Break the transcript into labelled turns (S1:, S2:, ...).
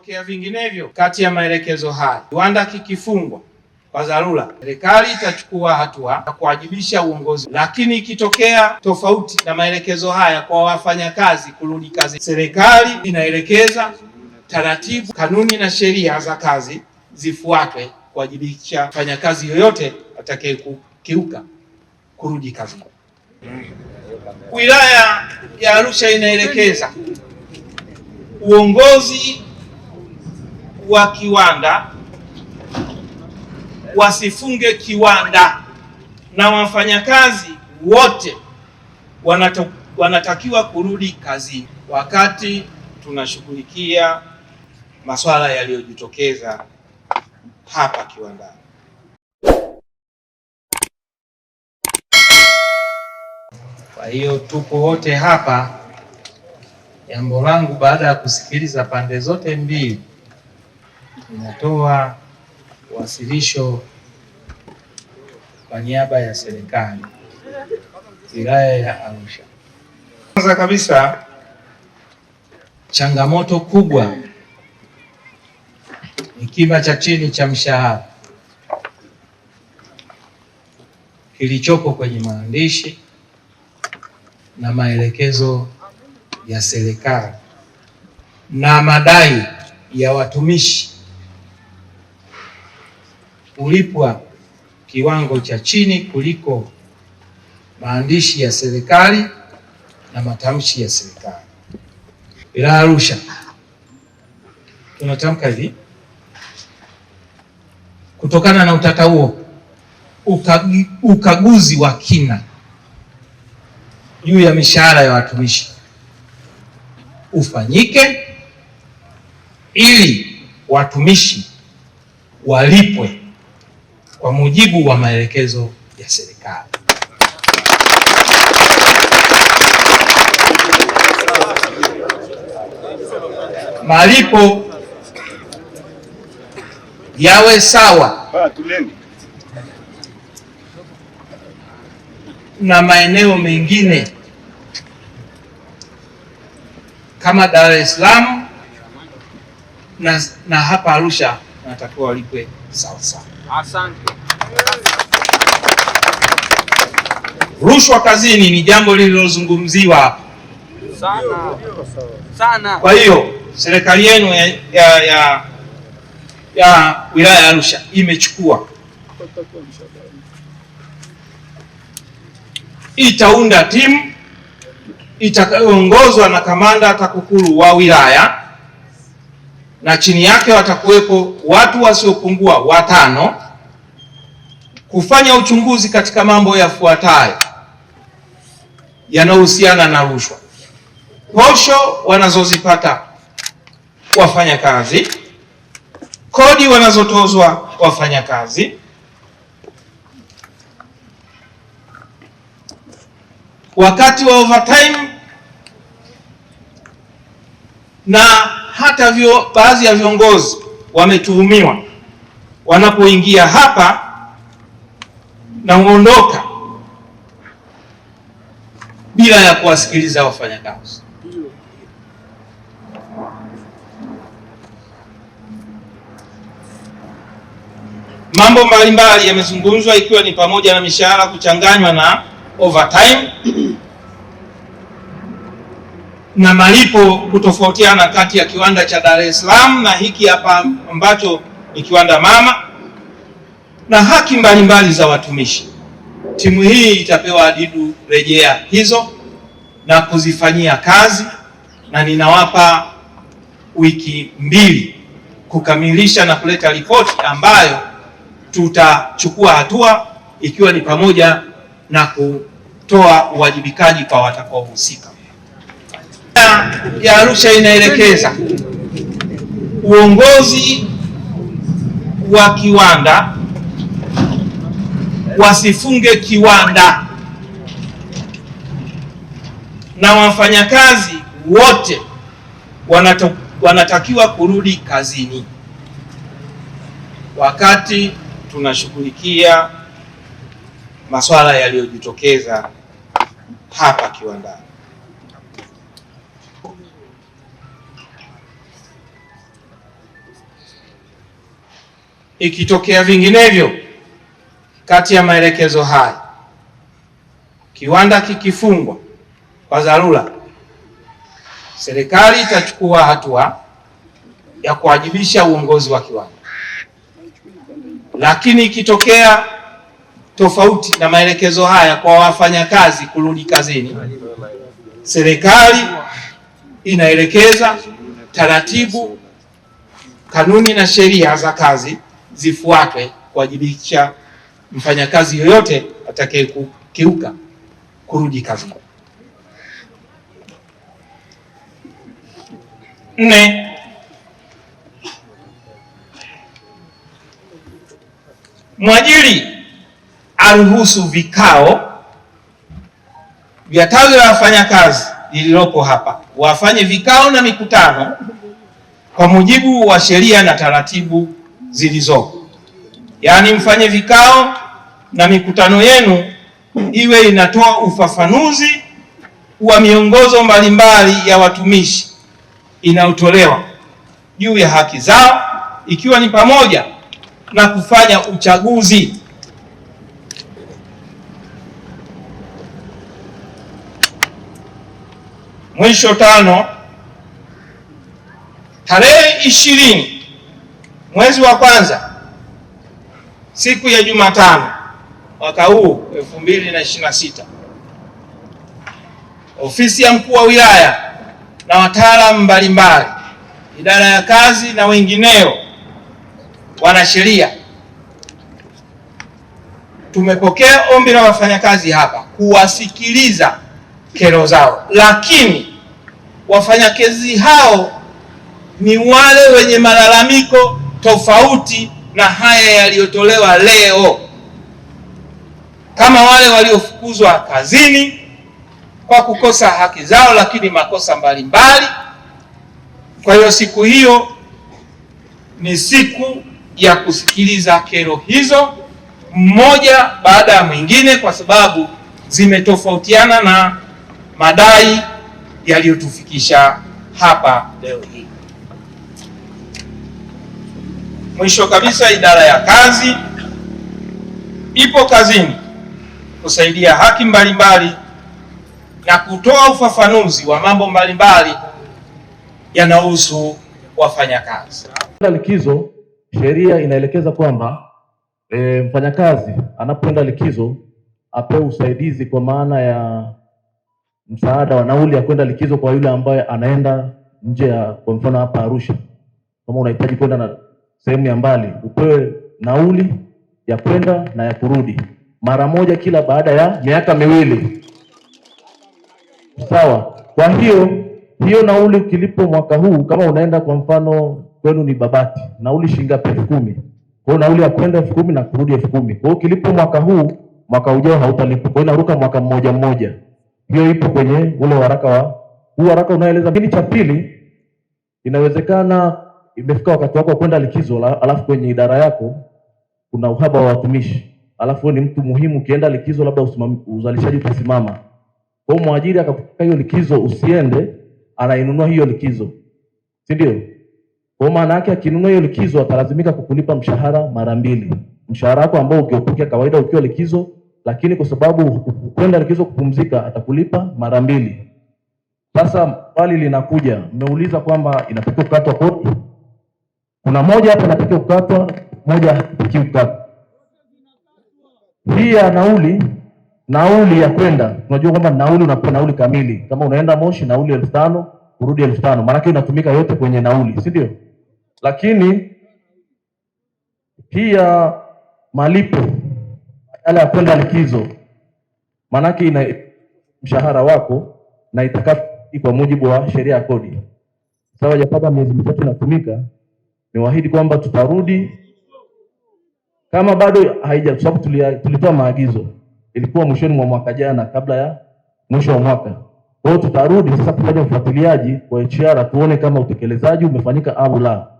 S1: tokea vinginevyo kati ya maelekezo haya, kiwanda kikifungwa kwa dharura, serikali itachukua hatua ya kuwajibisha uongozi, lakini ikitokea tofauti na maelekezo haya kwa wafanyakazi kurudi kazi, serikali inaelekeza taratibu, kanuni na sheria za kazi zifuatwe kuwajibisha mfanyakazi yoyote atakayekiuka kurudi kazi. Wilaya ya Arusha inaelekeza uongozi wa kiwanda wasifunge kiwanda, na wafanyakazi wote wanata, wanatakiwa kurudi kazini wakati tunashughulikia masuala yaliyojitokeza hapa kiwandani. Kwa hiyo tuko wote hapa. Jambo langu baada ya kusikiliza pande zote mbili inatoa wasilisho kwa niaba ya serikali wilaya ya Arusha. Kwanza kabisa, changamoto kubwa ni kima cha chini cha mshahara kilichopo kwenye maandishi na maelekezo ya serikali na madai ya watumishi kulipwa kiwango cha chini kuliko maandishi ya serikali na matamshi ya serikali. Wilaya Arusha tunatamka hivi: kutokana na utata huo, ukaguzi wa kina juu ya mishahara ya watumishi ufanyike ili watumishi walipwe kwa mujibu wa maelekezo ya serikali. Malipo yawe sawa na maeneo mengine kama Dar es Salaam na, na hapa Arusha, natakiwa walipwe sawa sawa. Asante. Rushwa kazini ni jambo lililozungumziwa sana, sana. Kwa hiyo serikali yenu ya, ya, ya, ya wilaya ya Arusha imechukua itaunda timu itakayoongozwa na kamanda TAKUKURU wa wilaya na chini yake watakuwepo watu wasiopungua watano kufanya uchunguzi katika mambo yafuatayo yanayohusiana na rushwa: posho wanazozipata wafanyakazi, kodi wanazotozwa wafanyakazi, wakati wa overtime na hata vio, baadhi ya viongozi wametuhumiwa wanapoingia hapa na uondoka bila ya kuwasikiliza wafanyakazi. Mambo mbalimbali yamezungumzwa ikiwa ni pamoja na mishahara kuchanganywa na overtime na malipo kutofautiana kati ya kiwanda cha Dar es Salaam na hiki hapa ambacho ni kiwanda mama, na haki mbalimbali za watumishi. Timu hii itapewa adidu rejea hizo na kuzifanyia kazi, na ninawapa wiki mbili kukamilisha na kuleta ripoti ambayo tutachukua hatua, ikiwa ni pamoja na kutoa uwajibikaji kwa watakaohusika wilaya ya Arusha inaelekeza uongozi wa kiwanda wasifunge kiwanda na wafanyakazi wote wanatakiwa kurudi kazini wakati tunashughulikia masuala yaliyojitokeza hapa kiwandani. Ikitokea vinginevyo, kati ya maelekezo haya, kiwanda kikifungwa kwa dharura, serikali itachukua hatua ya kuwajibisha uongozi wa kiwanda. Lakini ikitokea tofauti na maelekezo haya kwa wafanyakazi kurudi kazini, serikali inaelekeza taratibu, kanuni na sheria za kazi zifuatwe kuwajibisha mfanyakazi yoyote kukiuka kurudi kazini. Nne, mwajiri aruhusu vikao vya tawi la wafanyakazi lililoko hapa wafanye vikao na mikutano kwa mujibu wa sheria na taratibu zilizoko. Yaani, mfanye vikao na mikutano yenu iwe inatoa ufafanuzi wa miongozo mbalimbali ya watumishi inayotolewa juu ya haki zao, ikiwa ni pamoja na kufanya uchaguzi. Mwisho tano, tarehe ishirini mwezi wa kwanza siku ya Jumatano mwaka huu 2026 ofisi ya mkuu wa wilaya na wataalamu mbalimbali, idara ya kazi na wengineo, wanasheria, tumepokea ombi la wafanyakazi hapa kuwasikiliza kero zao, lakini wafanyakazi hao ni wale wenye malalamiko tofauti na haya yaliyotolewa leo, kama wale waliofukuzwa kazini kwa kukosa haki zao, lakini makosa mbalimbali. Kwa hiyo siku hiyo ni siku ya kusikiliza kero hizo mmoja baada ya mwingine, kwa sababu zimetofautiana na madai yaliyotufikisha hapa leo hii. Mwisho kabisa, idara ya kazi ipo kazini kusaidia haki mbalimbali mbali na kutoa ufafanuzi wa mambo mbalimbali yanayohusu wafanyakazi.
S2: Likizo, sheria inaelekeza kwamba e, mfanyakazi anapoenda likizo apewe usaidizi kwa maana ya msaada wa nauli ya kwenda likizo kwa yule ambaye anaenda nje ya, kwa mfano hapa Arusha, kama unahitaji kwenda na sehemu ya mbali upewe nauli ya kwenda na ya kurudi mara moja kila baada ya miaka miwili, sawa. Kwa hiyo hiyo nauli ukilipo mwaka huu, kama unaenda kwa mfano kwenu ni Babati, nauli shilingi ngapi? elfu kumi. Kwa hiyo nauli ya kwenda elfu kumi na kurudi elfu kumi. Kwa hiyo mwaka huu, mwaka ujao hautalipa, kwa hiyo inaruka mwaka mmoja mmoja. Hiyo ipo kwenye ule waraka wa huu waraka unaeleza. Lakini cha pili, inawezekana imefika wakati wako kwenda likizo, alafu kwenye idara yako kuna uhaba wa watumishi, alafu ni mtu muhimu, ukienda likizo labda uzalishaji utasimama. Kwa hiyo mwajiri akakupa hiyo likizo usiende, anainunua hiyo likizo, si ndio? Kwa maana yake akinunua hiyo likizo atalazimika kukulipa mshahara mara mbili, mshahara wako ambao ukiupokea kawaida ukiwa likizo, lakini kwa sababu kwenda likizo kupumzika, atakulipa mara mbili. Sasa swali linakuja, mmeuliza kwamba inatakiwa kukatwa kodi kuna moja hapa inatakiwa kukatwa, moja hatakiwi kukatwa. Hii ya nauli, nauli ya kwenda, unajua kwamba nauli unapewa nauli kamili. Kama unaenda Moshi nauli elfu tano kurudi elfu tano maanake inatumika yote kwenye nauli, si ndio? Lakini hii ya malipo ala ya kwenda likizo, maanake ina mshahara wako na itakaa kwa mujibu wa sheria ya kodi. Sawa, japata miezi mitatu inatumika niwaahidi kwamba tutarudi kama bado haija, kwa sababu tulitoa maagizo, ilikuwa mwishoni mwa mwaka jana, kabla ya mwisho wa mwaka. Kwa hiyo tutarudi sasa kufanya ufuatiliaji kwa HR tuone kama utekelezaji umefanyika au la.